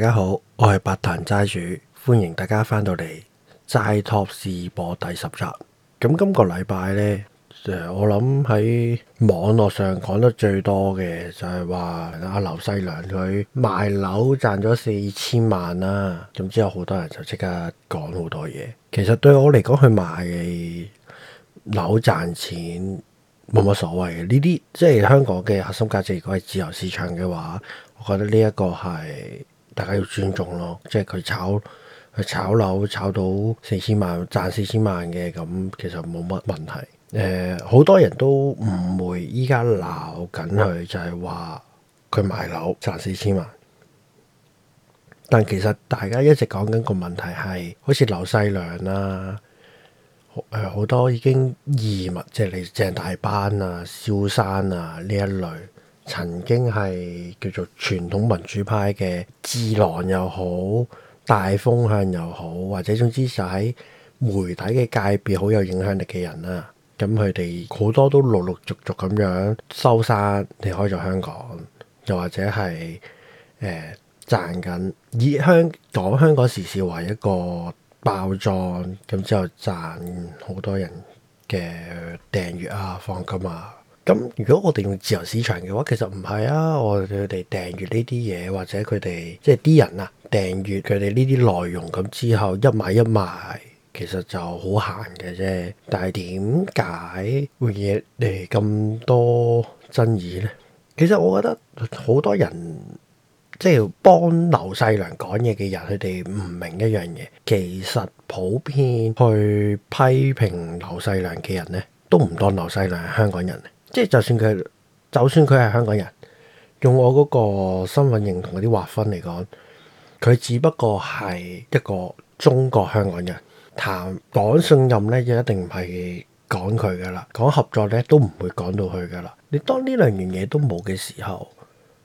大家好，我係百彈齋主，歡迎大家返到嚟齋 Talk 試播第十集。咁今個禮拜呢，我諗喺網絡上講得最多嘅就係話阿劉細良佢賣樓賺咗四千萬啦，啊，咁之後好多人就即刻講好多嘢。其實對我嚟講，佢賣樓賺錢冇乜所謂嘅。呢啲即係香港嘅核心價值，如果係自由市場嘅話，我覺得呢一個係。大家要尊重咯，即係佢炒佢炒樓炒到四千萬賺四千萬嘅，咁其實冇乜問題。誒、呃，好多人都誤會依家鬧緊佢，就係話佢賣樓賺四千萬。但其實大家一直講緊個問題係，好似劉細良啦、啊，誒好多已經移民，即係你鄭大班啊、蕭生啊呢一類。曾經係叫做傳統民主派嘅智囊又好、大風向又好，或者總之就喺媒體嘅界別好有影響力嘅人啦。咁佢哋好多都陸陸續續咁樣收山離開咗香港，又或者係誒、呃、賺緊以香港香港時事為一個包裝，咁之後賺好多人嘅訂閱啊、放金啊。咁如果我哋用自由市場嘅話，其實唔係啊，我哋訂閱呢啲嘢，或者佢哋即係啲人啊訂閱佢哋呢啲內容，咁之後一買一賣，其實就好閒嘅啫。但係點解會惹嚟咁多爭議呢？其實我覺得好多人即係幫劉細良講嘢嘅人，佢哋唔明一樣嘢。其實普遍去批評劉細良嘅人呢，都唔當劉細良係香港人。即係就算佢，就算佢係香港人，用我嗰個身份認同嗰啲劃分嚟講，佢只不過係一個中國香港人。談講信任咧，就一定唔係講佢噶啦，講合作咧，都唔會講到佢噶啦。你當呢兩樣嘢都冇嘅時候，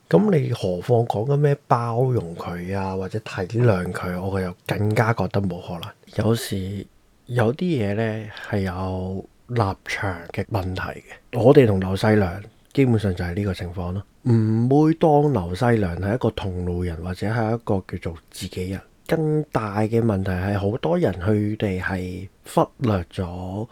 咁你何況講緊咩包容佢啊，或者體諒佢？我又更加覺得冇可能。有時有啲嘢咧係有。立場嘅問題嘅，我哋同劉細良基本上就係呢個情況咯，唔會當劉細良係一個同路人或者係一個叫做自己人。更大嘅問題係好多人佢哋係忽略咗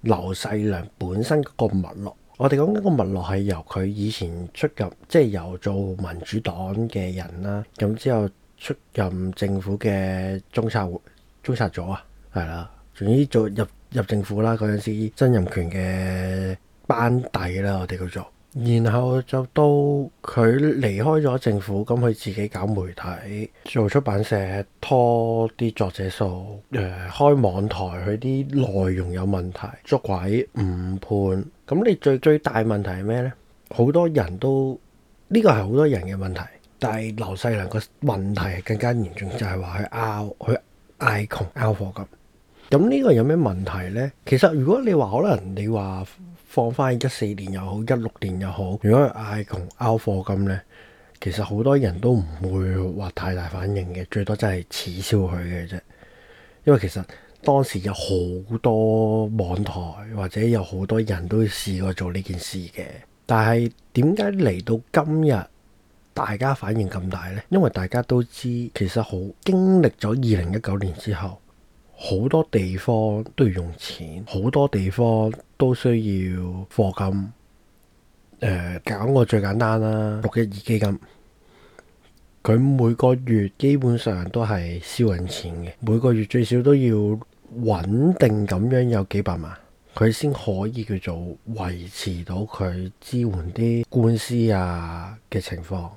劉細良本身嗰個脈絡。我哋講緊個脈絡係由佢以前出任，即係由做民主黨嘅人啦，咁之後出任政府嘅中策會、中策組啊，係啦，總之做入。入政府啦，嗰陣時曾蔭權嘅班底啦，我哋叫做。然後就到佢離開咗政府，咁佢自己搞媒體，做出版社，拖啲作者數，誒開網台，佢啲內容有問題，捉鬼誤判。咁你最最大問題係咩呢？好多人都，呢個係好多人嘅問題，但係劉細良個問題更加嚴重，就係話佢拗佢嗌窮拗火咁。咁呢個有咩問題呢？其實如果你話可能你話放翻一四年又好一六年又好，如果嗌窮 Out 貨金呢，其實好多人都唔會話太大反應嘅，最多真係恥笑佢嘅啫。因為其實當時有好多網台或者有好多人都試過做呢件事嘅，但係點解嚟到今日大家反應咁大呢？因為大家都知其實好經歷咗二零一九年之後。好多地方都要用錢，好多地方都需要課金。誒、呃，講個最簡單啦，六一二基金，佢每個月基本上都係燒緊錢嘅，每個月最少都要穩定咁樣有幾百萬，佢先可以叫做維持到佢支援啲官司啊嘅情況。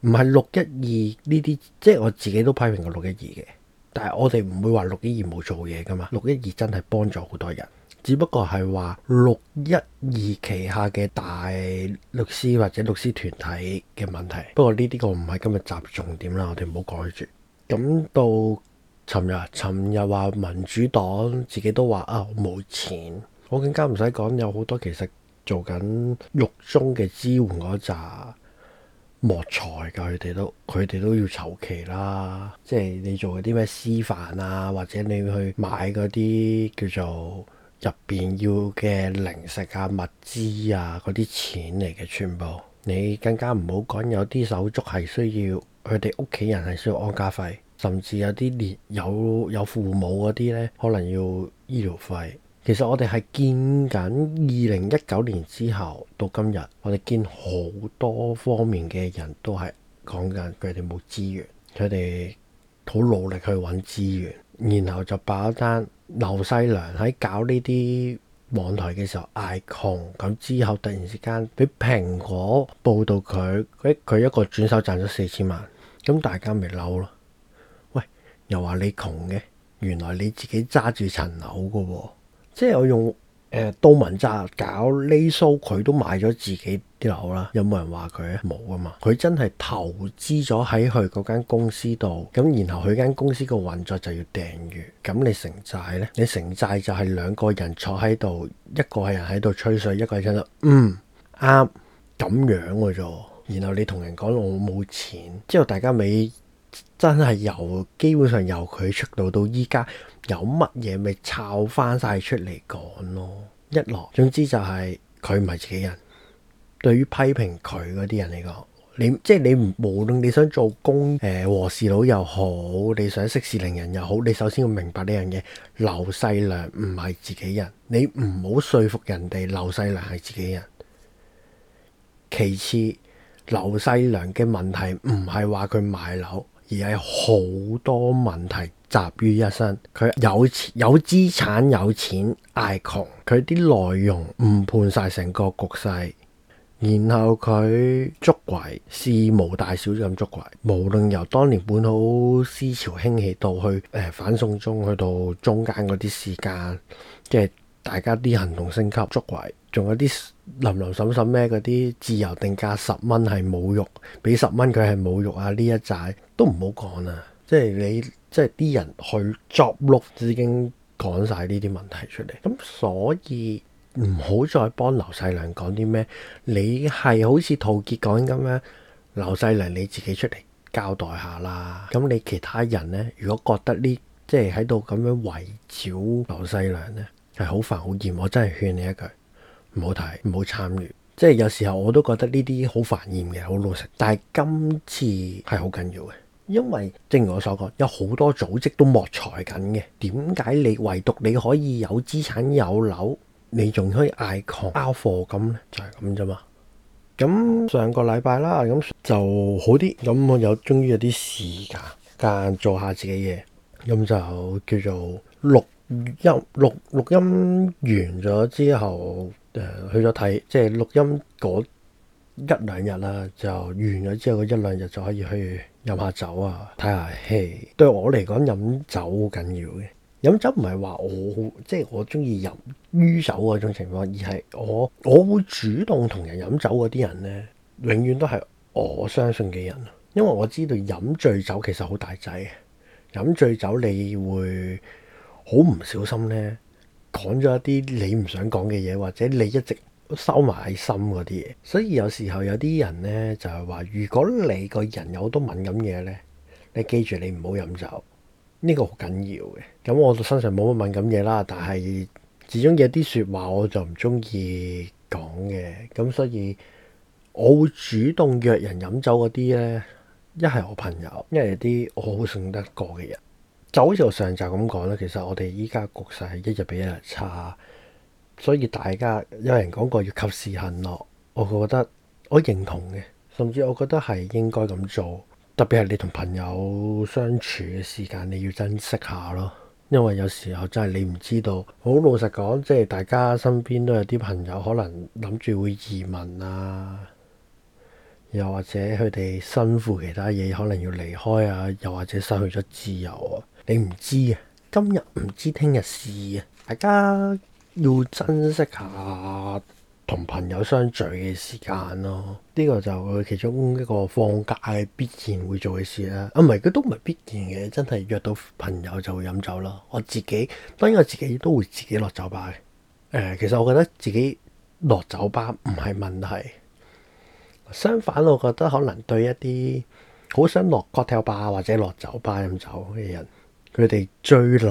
唔係六一二呢啲，即係我自己都批評過六一二嘅。但係我哋唔會話六一二冇做嘢㗎嘛，六一二真係幫助好多人，只不過係話六一二旗下嘅大律師或者律師團體嘅問題。不過呢啲我唔係今日集重點啦，我哋唔好改住。咁到尋日，尋日話民主黨自己都話啊，冇錢，我更加唔使講，有好多其實做緊獄中嘅支援嗰扎。莫才嘅佢哋都佢哋都要籌期啦，即係你做嗰啲咩私飯啊，或者你去買嗰啲叫做入邊要嘅零食啊、物資啊嗰啲錢嚟嘅，全部你更加唔好講有啲手足係需要佢哋屋企人係需要安家費，甚至有啲連有有父母嗰啲呢，可能要醫療費。其實我哋係見緊二零一九年之後到今日，我哋見好多方面嘅人都係講緊佢哋冇資源，佢哋好努力去揾資源，然後就爆一單。劉細良喺搞呢啲網台嘅時候嗌窮，咁之後突然之間俾蘋果報道佢，佢一個轉手賺咗四千萬，咁大家咪嬲咯？喂，又話你窮嘅，原來你自己揸住層樓㗎喎。即係我用誒杜、呃、文澤搞呢 show，佢都買咗自己啲樓啦。有冇人話佢咧？冇啊嘛。佢真係投資咗喺佢嗰間公司度。咁然後佢間公司個運作就要訂閲。咁你城寨呢？你城寨就係兩個人坐喺度，一個係人喺度吹水，一個係真係嗯啱咁、啊、樣嘅啫。然後你同人講我冇錢之後，大家尾真係由基本上由佢出道到依家。有乜嘢咪炒翻晒出嚟講咯一，一落總之就係佢唔係自己人。對於批評佢嗰啲人嚟講，你即係你無論你想做工、誒、呃、和事佬又好，你想息事寧人又好，你首先要明白呢樣嘢。劉細良唔係自己人，你唔好說服人哋劉細良係自己人。其次，劉細良嘅問題唔係話佢買樓。而係好多問題集於一身。佢有有資產有錢，嗌窮，佢啲內容誤判晒成個局勢。然後佢捉鬼，事無大小咁捉鬼，無論由當年本土思潮興起到去誒反送中、去到中間嗰啲時間，即係大家啲行動升級捉鬼，仲有啲林林審審咩嗰啲自由定價十蚊係侮辱，俾十蚊佢係侮辱啊！呢一寨。都唔好講啦，即係你即係啲人去作錄，已經講晒呢啲問題出嚟。咁所以唔好再幫劉細良講啲咩。你係好似陶傑講咁樣，劉細良你自己出嚟交代下啦。咁你其他人呢，如果覺得呢即係喺度咁樣圍剿劉細良呢，係好煩好厭，我真係勸你一句，唔好睇唔好參與。即係有時候我都覺得呢啲好煩厭嘅，好老實。但係今次係好緊要嘅。因為正如我所講，有好多組織都莫裁緊嘅。點解你唯獨你可以有資產有樓，你仲可以嗌窮嗌餓咁呢？就係咁啫嘛。咁上個禮拜啦，咁就好啲。咁我有終於有啲時間但做下自己嘢。咁就叫做錄音錄錄，錄音完咗之後，誒、呃、去咗睇，即、就、係、是、錄音嗰一兩日啦，就完咗之後一兩日就可以去。飲下酒啊，睇下戲。Hey, 對我嚟講，飲酒好緊要嘅。飲酒唔係話我即係、就是、我中意飲於酒嗰種情況，而係我我會主動同人飲酒嗰啲人呢，永遠都係我相信嘅人。因為我知道飲醉酒其實好大劑，飲醉酒你會好唔小心呢，講咗一啲你唔想講嘅嘢，或者你一直。收埋喺心嗰啲嘢，所以有時候有啲人呢，就係話，如果你個人有好多敏感嘢呢，你記住你唔好飲酒，呢個好緊要嘅。咁我身上冇乜敏感嘢啦，但係始終有啲說話我就唔中意講嘅，咁所以我會主動約人飲酒嗰啲呢，一係我朋友，一係啲我好信得過嘅人。就好似我上集咁講啦。其實我哋依家局勢係一日比一日差。所以大家有人講過要及時行樂，我覺得我認同嘅，甚至我覺得係應該咁做。特別係你同朋友相處嘅時間，你要珍惜下咯。因為有時候真係你唔知道，好老實講，即係大家身邊都有啲朋友可能諗住會移民啊，又或者佢哋辛苦其他嘢，可能要離開啊，又或者失去咗自由啊，你唔知啊。今日唔知，聽日事啊，大家。要珍惜下同朋友相聚嘅時間咯，呢、這個就其中一個放假嘅必然會做嘅事啦。啊，唔係佢都唔係必然嘅，真係約到朋友就會飲酒啦。我自己，當然我自己都會自己落酒吧嘅。誒、呃，其實我覺得自己落酒吧唔係問題，相反，我覺得可能對一啲好想落 cocktail 吧或者落酒吧飲酒嘅人，佢哋最難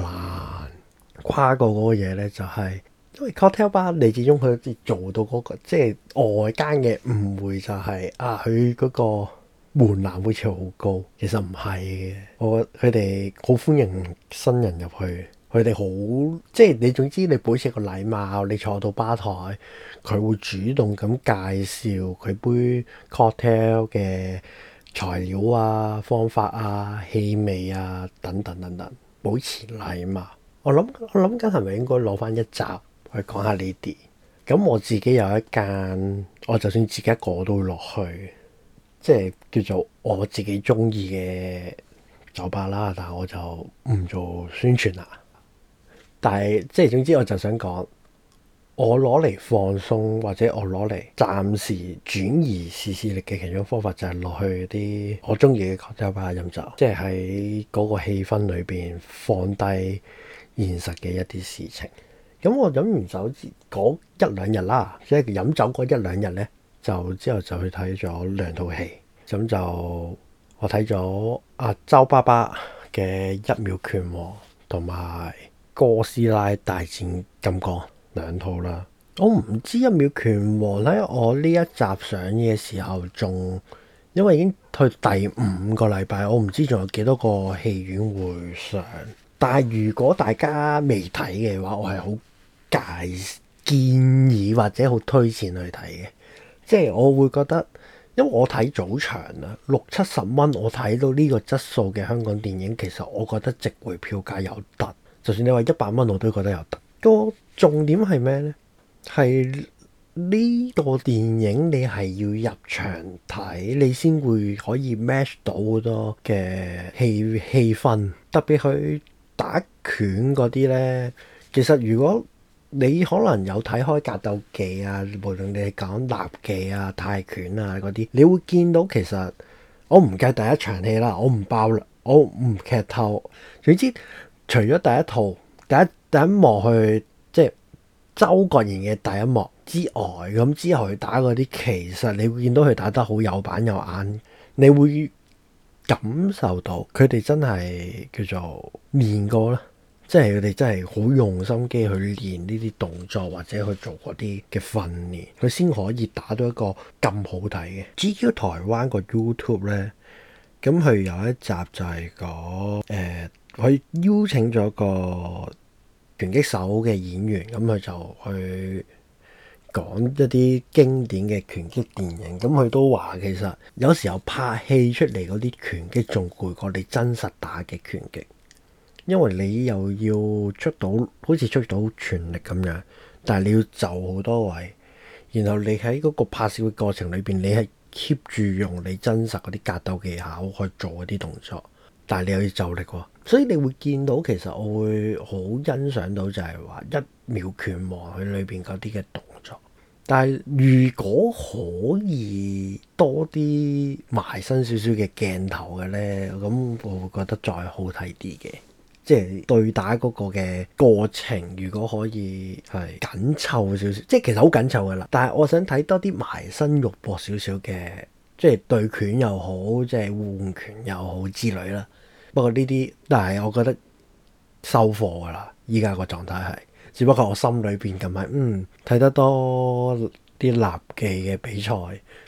跨過嗰個嘢咧，就是，就係。因為 cocktail 吧，你始終佢做到嗰個，即係外間嘅誤會就係啊，佢嗰個門檻好似好高。其實唔係嘅，我佢哋好歡迎新人入去，佢哋好即係你總之你保持個禮貌，你坐到吧台，佢會主動咁介紹佢杯 cocktail 嘅材料啊、方法啊、氣味啊等等等等，保持禮貌。我諗我諗緊係咪應該攞翻一集？去講下呢啲，咁我自己有一間，我就算自己一個都會落去，即係叫做我自己中意嘅酒吧啦。但係我就唔做宣傳啦。但係即係總之，我就想講，我攞嚟放鬆，或者我攞嚟暫時轉移視視力嘅其中方法，就係落去啲我中意嘅酒吧飲酒，即係喺嗰個氣氛裏邊放低現實嘅一啲事情。咁我飲完酒嗰一兩日啦，即係飲酒嗰一兩日咧，就之後就去睇咗兩套戲。咁就我睇咗阿周爸爸嘅《一秒拳王》同埋《哥斯拉大戰金剛》兩套啦。我唔知《一秒拳王》咧，我呢一集上嘅時候仲，因為已經去第五個禮拜，我唔知仲有幾多個戲院會上。但係如果大家未睇嘅話，我係好～介建議或者好推薦去睇嘅，即係我會覺得，因為我睇早場呀，六七十蚊我睇到呢個質素嘅香港電影，其實我覺得值回票價有得。就算你話一百蚊，我都覺得有得。個重點係咩呢？係呢個電影你係要入場睇，你先會可以 match 到好多嘅氣氣氛，特別佢打拳嗰啲呢。其實如果你可能有睇開格鬥技啊，無論你係講立技啊、泰拳啊嗰啲，你會見到其實我唔計第一場戲啦，我唔爆啦，我唔劇透。總之，除咗第一套、第一第一幕去即係周國賢嘅第一幕之外，咁之後去打嗰啲，其實你會見到佢打得好有板有眼，你會感受到佢哋真係叫做練過啦。即係佢哋真係好用心機去練呢啲動作，或者去做嗰啲嘅訓練，佢先可以打到一個咁好睇嘅。至於台灣個 YouTube 呢，咁佢有一集就係講誒，佢、欸、邀請咗個拳擊手嘅演員，咁佢就去講一啲經典嘅拳擊電影。咁佢都話其實有時候拍戲出嚟嗰啲拳擊仲攰過你真實打嘅拳擊。因為你又要出到好似出到全力咁樣，但係你要就好多位，然後你喺嗰個拍攝嘅過程裏邊，你係 keep 住用你真實嗰啲格鬥技巧去做嗰啲動作，但係你又要就力喎，所以你會見到其實我會好欣賞到就係話一秒拳王佢裏邊嗰啲嘅動作。但係如果可以多啲埋身少少嘅鏡頭嘅咧，咁我會覺得再好睇啲嘅。即係對打嗰個嘅過程，如果可以係緊湊少少，即係其實好緊湊㗎喇。但係我想睇多啲埋身肉搏少少嘅，即係對拳又好，即係換拳又好之類啦。不過呢啲，但係我覺得收貨㗎喇。依家個狀態係，只不過我心裏邊咁係嗯睇得多啲立技嘅比賽，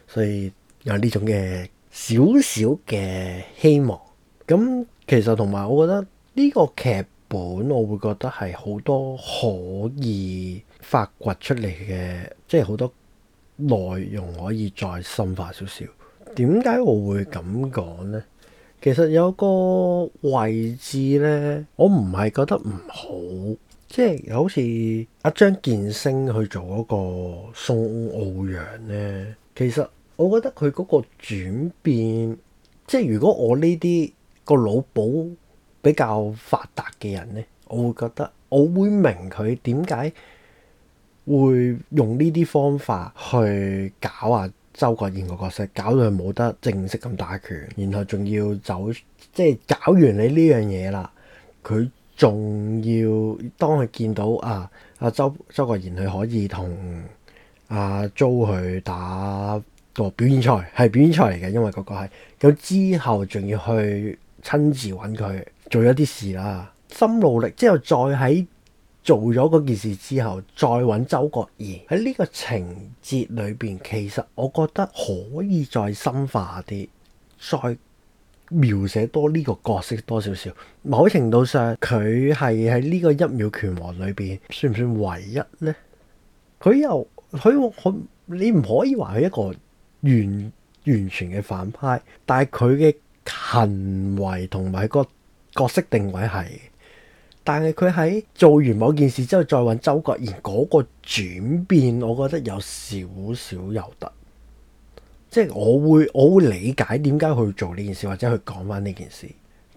所以有呢種嘅少少嘅希望。咁其實同埋我覺得。呢個劇本我會覺得係好多可以發掘出嚟嘅，即係好多內容可以再深化少少。點解我會咁講呢？其實有個位置呢，我唔係覺得唔好，即係好似阿張建升去做嗰個宋奧陽呢。其實我覺得佢嗰個轉變，即係如果我呢啲、嗰個老保，比較發達嘅人咧，我會覺得我會明佢點解會用呢啲方法去搞阿、啊、周國賢個角色，搞到佢冇得正式咁打拳，然後仲要走，即係搞完你呢樣嘢啦。佢仲要當佢見到啊啊周周國賢，佢可以同阿 Jo 去打個、哦、表演賽，係表演賽嚟嘅，因為嗰個係咁之後，仲要去親自搵佢。做一啲事啦，心努力之後再喺做咗嗰件事之後再揾周國賢，喺呢個情節裏邊，其實我覺得可以再深化啲，再描寫多呢個角色多少少。某程度上，佢係喺呢個一秒拳王裏邊算唔算唯一咧？佢又佢佢你唔可以話佢一個完完全嘅反派，但係佢嘅行為同埋、嗰個。角色定位係，但係佢喺做完某件事之後再，再揾周國賢嗰個轉變，我覺得有少少有得。即係我會我會理解點解去做呢件事，或者去講翻呢件事。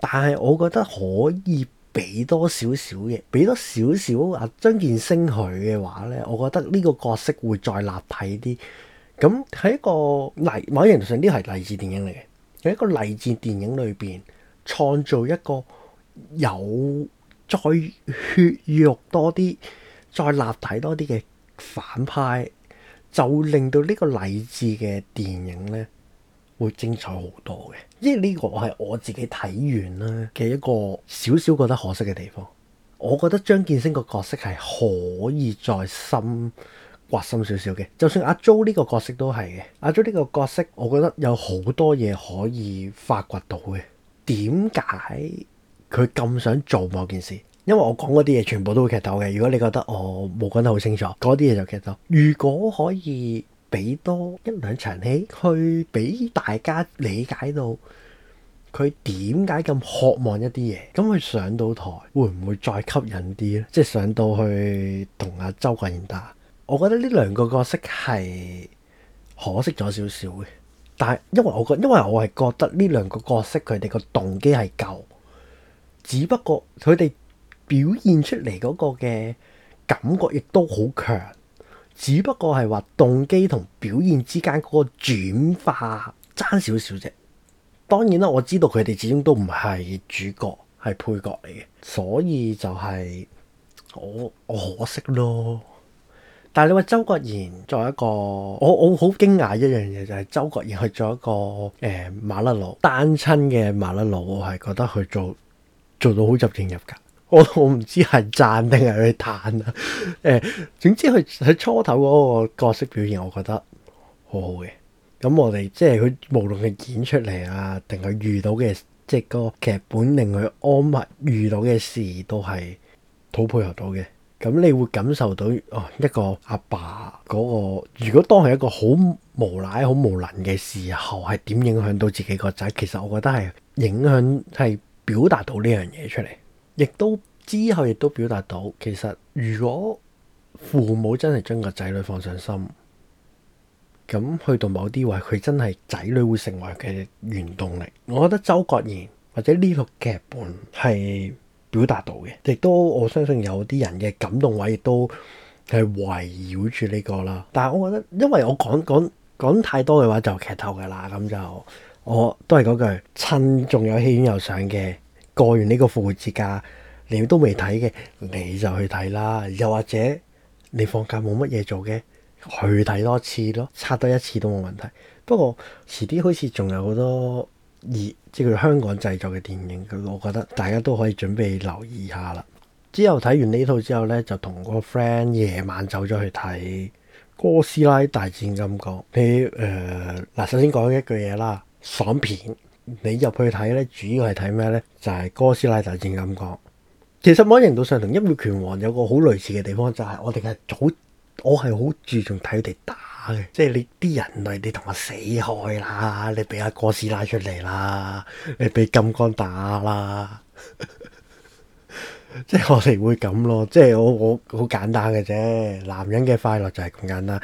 但係我覺得可以俾多少少嘅，俾多少少啊張建聲佢嘅話咧，我覺得呢個角色會再立體啲。咁喺一個某啲人上呢係勵志電影嚟嘅，喺一個勵志電影裏邊。創造一個有再血肉多啲、再立體多啲嘅反派，就令到呢個勵志嘅電影咧會精彩好多嘅。因為呢個係我自己睇完啦嘅一個少少覺得可惜嘅地方。我覺得張建聲個角色係可以再深挖掘深少少嘅。就算阿 Jo 呢個角色都係嘅，阿 Jo 呢個角色我覺得有好多嘢可以發掘到嘅。點解佢咁想做某件事？因為我講嗰啲嘢全部都會劇透嘅。如果你覺得我冇講得好清楚，嗰啲嘢就劇透。如果可以俾多一兩場戲去俾大家理解到佢點解咁渴望一啲嘢，咁佢上到台會唔會再吸引啲咧？即係上到去同阿周國賢打，我覺得呢兩個角色係可惜咗少少嘅。但係，因為我覺，因為我係覺得呢兩個角色佢哋個動機係夠，只不過佢哋表現出嚟嗰個嘅感覺亦都好強，只不過係話動機同表現之間嗰個轉化爭少少啫。當然啦，我知道佢哋始終都唔係主角，係配角嚟嘅，所以就係我我可惜咯。但係你話周國賢做一個，我我好驚訝一樣嘢就係、是、周國賢去做一個誒麻甩佬單親嘅麻甩佬，我係覺得佢做做到好入型入格，我我唔知係讚定係去嘆啊，誒、欸，總之佢喺初頭嗰個角色表現，我覺得好好嘅。咁我哋即係佢無論佢演出嚟啊，定佢遇到嘅即係個劇本令佢安物遇到嘅事都到，都係好配合到嘅。咁你會感受到哦，一個阿爸嗰個，如果當係一個好無賴、好無能嘅時候，係點影響到自己個仔？其實我覺得係影響係表達到呢樣嘢出嚟，亦都之後亦都表達到。其實如果父母真係將個仔女放上心，咁去到某啲位，佢真係仔女會成為佢嘅原動力。我覺得周國賢或者呢套劇本係，表達到嘅，亦都我相信有啲人嘅感動位亦都係圍繞住呢個啦。但係我覺得，因為我講講講太多嘅話就劇透㗎啦。咁就我都係嗰句，趁仲有戲院有上嘅，過完呢個復活節假，你都未睇嘅，你就去睇啦。又或者你放假冇乜嘢做嘅，去睇多次咯，刷多一次都冇問題。不過遲啲好似仲有好多熱。即係佢香港製作嘅電影，佢我覺得大家都可以準備留意下啦。之後睇完呢套之後咧，就同個 friend 夜晚走咗去睇哥斯拉大戰金剛。譬如，誒嗱，首先講一句嘢啦，爽片你入去睇咧，主要係睇咩咧？就係、是、哥斯拉大戰金剛。其實某程度上同一秒拳王有個好類似嘅地方，就係、是、我哋嘅組，我係好注重睇佢哋打。哎、即係你啲人類，你同我死開啦！你俾阿哥斯拉出嚟啦，你俾金剛打啦。 即係我哋會咁咯，即係我我好簡單嘅啫。男人嘅快樂就係咁簡單。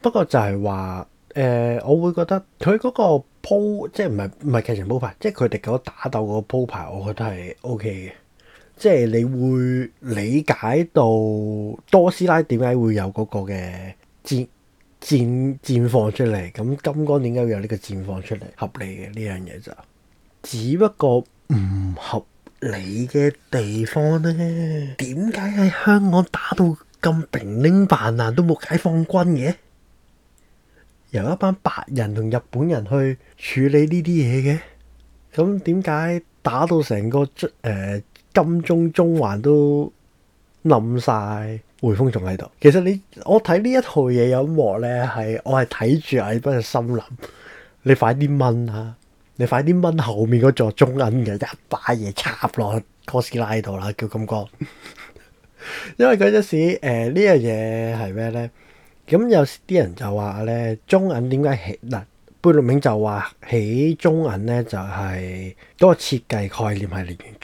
不過就係話誒，我會覺得佢嗰個鋪，即係唔係唔係劇情鋪排，即係佢哋嗰打鬥嗰鋪排，我覺得係 OK 嘅。即係你會理解到多斯拉點解會有嗰個嘅綻綻放出嚟，咁金剛點解會有呢個綻放出嚟？合理嘅呢樣嘢就，只不過唔合理嘅地方呢？點解喺香港打到咁平，拎辦難都冇解放軍嘅？由一班白人同日本人去處理呢啲嘢嘅，咁點解打到成個誒、呃、金鐘中環都冧晒？匯豐仲喺度，其實你我睇呢一套嘢有一幕咧，係我係睇住阿斌嘅心諗，你快啲掹啦！你快啲掹後面嗰座中銀嘅一把嘢插落哥斯拉度啦，叫咁講。因為嗰陣時，誒呢樣嘢係咩咧？咁有啲人就話咧，中銀點解起嗱？貝聿銘就話起中銀咧，就係個設計概念，係嚟源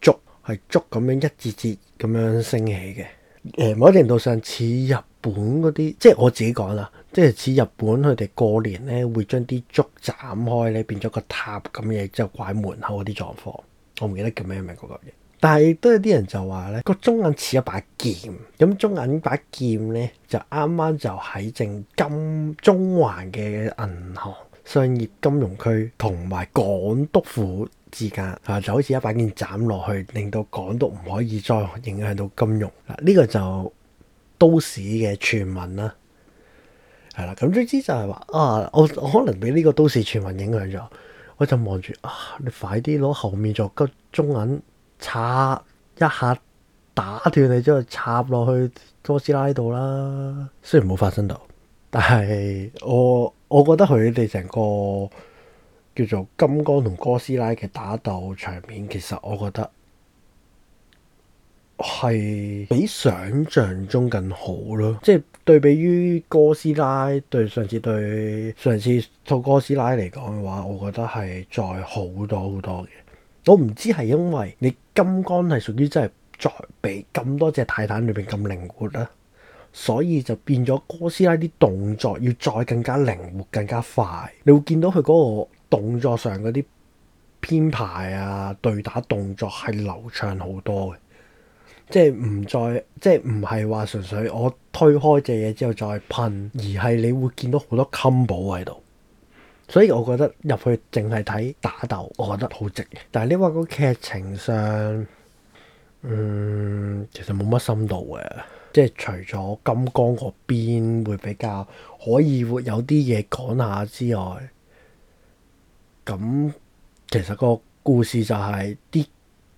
珠竹，係竹咁樣一節節咁樣升起嘅。誒某一程度上似日本嗰啲，即係我自己講啦，即係似日本佢哋過年咧，會將啲竹斬開咧，變咗個塔咁嘢，就掛喺門口嗰啲狀況。我唔記得叫咩名嗰個嘢，但係都有啲人就話咧，個中銀似一把劍，咁中銀把劍咧就啱啱就喺正金中環嘅銀行商業金融區同埋港督府之間啊，就好似一把劍斬落去，令到港督唔可以再影響到金融。嗱、啊、呢、這個就都市嘅傳聞啦。係、啊、啦，咁總之就係話啊，我可能俾呢個都市傳聞影響咗，我就望住啊，你快啲攞後面嗰座中銀插一下，打斷你之後插落去哥斯拉度啦。雖然冇發生到，但係我我覺得佢哋成個。叫做金剛同哥斯拉嘅打鬥場面，其實我覺得係比想象中更好咯。即係對比於哥斯拉對上次對上次套哥斯拉嚟講嘅話，我覺得係再好多好多嘅。我唔知係因為你金剛係屬於真係再比咁多隻泰坦裏邊咁靈活啦，所以就變咗哥斯拉啲動作要再更加靈活、更加快。你會見到佢嗰個。動作上嗰啲編排啊，對打動作係流暢好多嘅，即係唔再即係唔係話純粹我推開隻嘢之後再噴，而係你會見到好多襟 o 喺度，所以我覺得入去淨係睇打鬥，我覺得好值得。但係你話個劇情上，嗯，其實冇乜深度嘅，即係除咗金光嗰邊會比較可以有啲嘢講下之外。咁其實個故事就係啲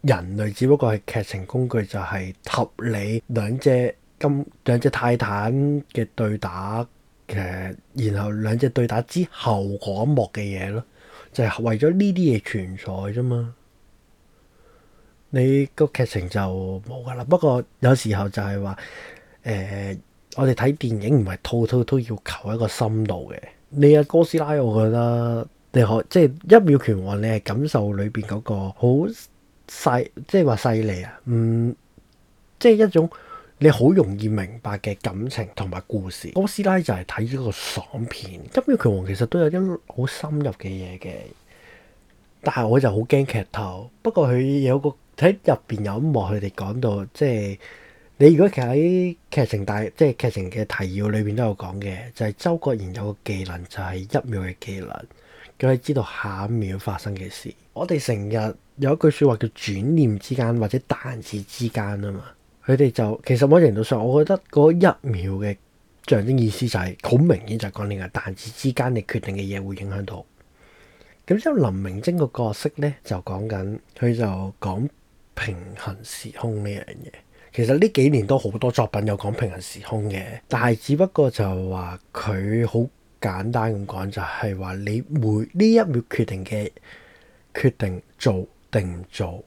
人類只不過係劇情工具，就係合理兩隻金兩隻泰坦嘅對打嘅、呃，然後兩隻對打之後嗰一幕嘅嘢咯，就係、是、為咗呢啲嘢存在啫嘛。你個劇情就冇噶啦。不過有時候就係話，誒、呃，我哋睇電影唔係套套都要求一個深度嘅。你阿、啊、哥斯拉，我覺得。你可即係一秒拳王，你係感受裏邊嗰個好細，即係話細膩啊！嗯，即係一種你好容易明白嘅感情同埋故事。我師奶就係睇咗個爽片《一秒拳王》，其實都有啲好深入嘅嘢嘅。但係我就好驚劇透。不過佢有個喺入邊有一幕佢哋講到，即係你如果喺劇情大即係劇情嘅提要裏邊都有講嘅，就係、是、周國賢有個技能就係一秒嘅技能。就可以知道下一秒發生嘅事。我哋成日有一句說話叫轉念之間或者彈指之間啊嘛。佢哋就其實某程度上，我覺得嗰一秒嘅象徵意思就係好明顯，就係講呢個彈指之間你決定嘅嘢會影響到。咁之後林明禎個角色咧就講緊，佢就講平衡時空呢樣嘢。其實呢幾年都好多作品有講平衡時空嘅，但係只不過就話佢好。簡單咁講，就係話你每呢一秒決定嘅決定做定唔做，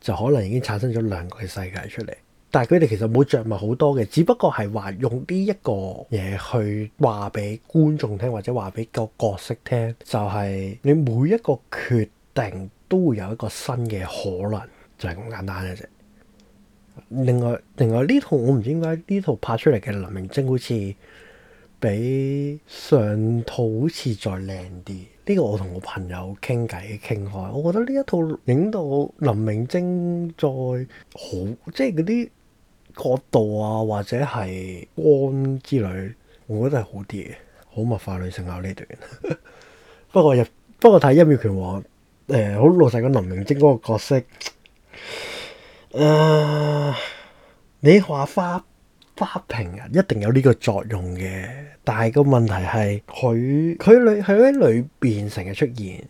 就可能已經產生咗兩個世界出嚟。但係佢哋其實冇着墨好多嘅，只不過係話用呢一個嘢去話俾觀眾聽，或者話俾個角色聽，就係你每一個決定都會有一個新嘅可能，就係咁簡單嘅啫。另外，另外呢套我唔知點解呢套拍出嚟嘅林明禎好似，比上套好似再靚啲，呢、這個我同我朋友傾偈傾開，我覺得呢一套影到林明禎再好，即係嗰啲角度啊，或者係光之類，我覺得係好啲嘅，好物化女性啊，呢段 不過入。不過又不過睇《一秒拳王》，誒、呃，好老實講，林明禎嗰個角色，啊、呃，你華發。花瓶啊，一定有呢個作用嘅，但係個問題係佢佢里喺喺裏邊成日出現，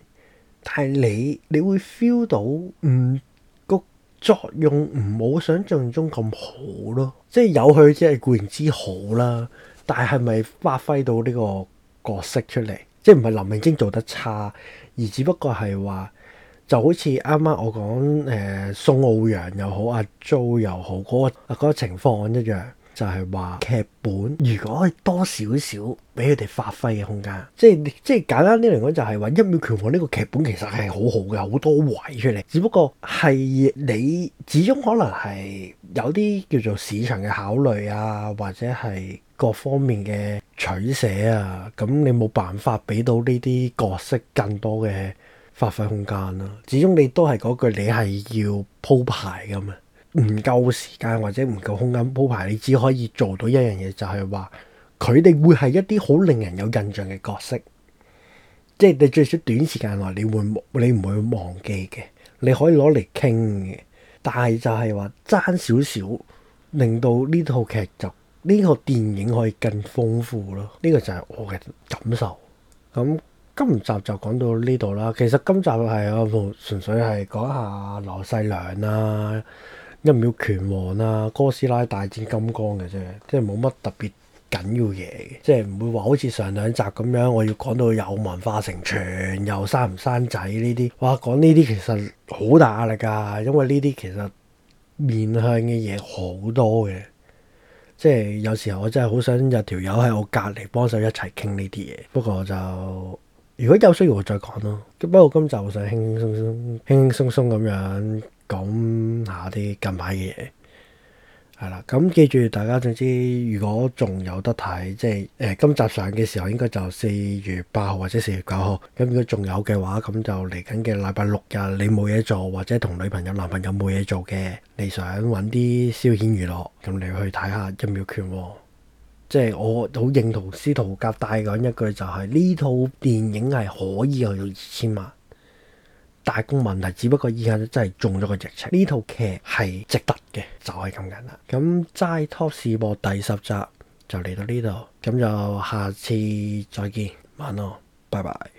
但係你你會 feel 到，嗯、這，個作用唔好想象中咁好咯。即係有佢即係固然之好啦，但係係咪發揮到呢個角色出嚟？即係唔係林明禎做得差，而只不過係話就好似啱啱我講誒、呃，宋奧洋又好，阿、啊、Jo 又好，嗰、那個、那個情況一樣。就係話劇本，如果可以多少少俾佢哋發揮嘅空間，即係即係簡單啲嚟講，就係話《一秒拳王》呢個劇本其實係好好嘅，好多位出嚟，只不過係你始終可能係有啲叫做市場嘅考慮啊，或者係各方面嘅取捨啊，咁你冇辦法俾到呢啲角色更多嘅發揮空間啦、啊。始終你都係嗰句，你係要鋪排嘅嘛。唔夠時間或者唔夠空間鋪排，你只可以做到一樣嘢，就係話佢哋會係一啲好令人有印象嘅角色，即係你最少短時間內你會你唔會忘記嘅，你可以攞嚟傾嘅。但係就係話爭少少，令到呢套劇集呢套、呢個、電影可以更豐富咯。呢、呢個就係我嘅感受。咁、嗯、今集就講到呢度啦。其實今集係我純粹係講一下劉細良啦、啊。一秒拳王啊，哥斯拉大戰金剛嘅啫，即係冇乜特別緊要嘢嘅，即係唔會話好似上兩集咁樣。我要講到有文化成全又生唔生仔呢啲，哇！講呢啲其實好大壓力㗎啊，因為呢啲其實面向嘅嘢好多嘅，即係有時候我真係好想有條友喺我隔離幫手一齊傾呢啲嘢，不過就如果有需要我再講咯。不過今集我想輕輕鬆鬆輕輕鬆鬆咁樣，講下啲近排嘅嘢，係啦。咁記住大家，總之如果仲有得睇，即係誒、欸、今集上嘅時候應該就四月八號或者四月九號。咁如果仲有嘅話，咁就嚟緊嘅禮拜六日你，你冇嘢做或者同女朋友男朋友冇嘢做嘅，你想搵啲消遣娛樂，咁你去睇下《一秒拳王》哦。即係我好認同司徒夾帶講一句，就是，就係呢套電影係可以去到二千萬。大公問題，只不過而家真係中咗個疫情。呢套劇係值得嘅，就係咁樣啦。咁齋 Talk 試播第十集就嚟到呢度，咁就下次再見。晚安，拜拜。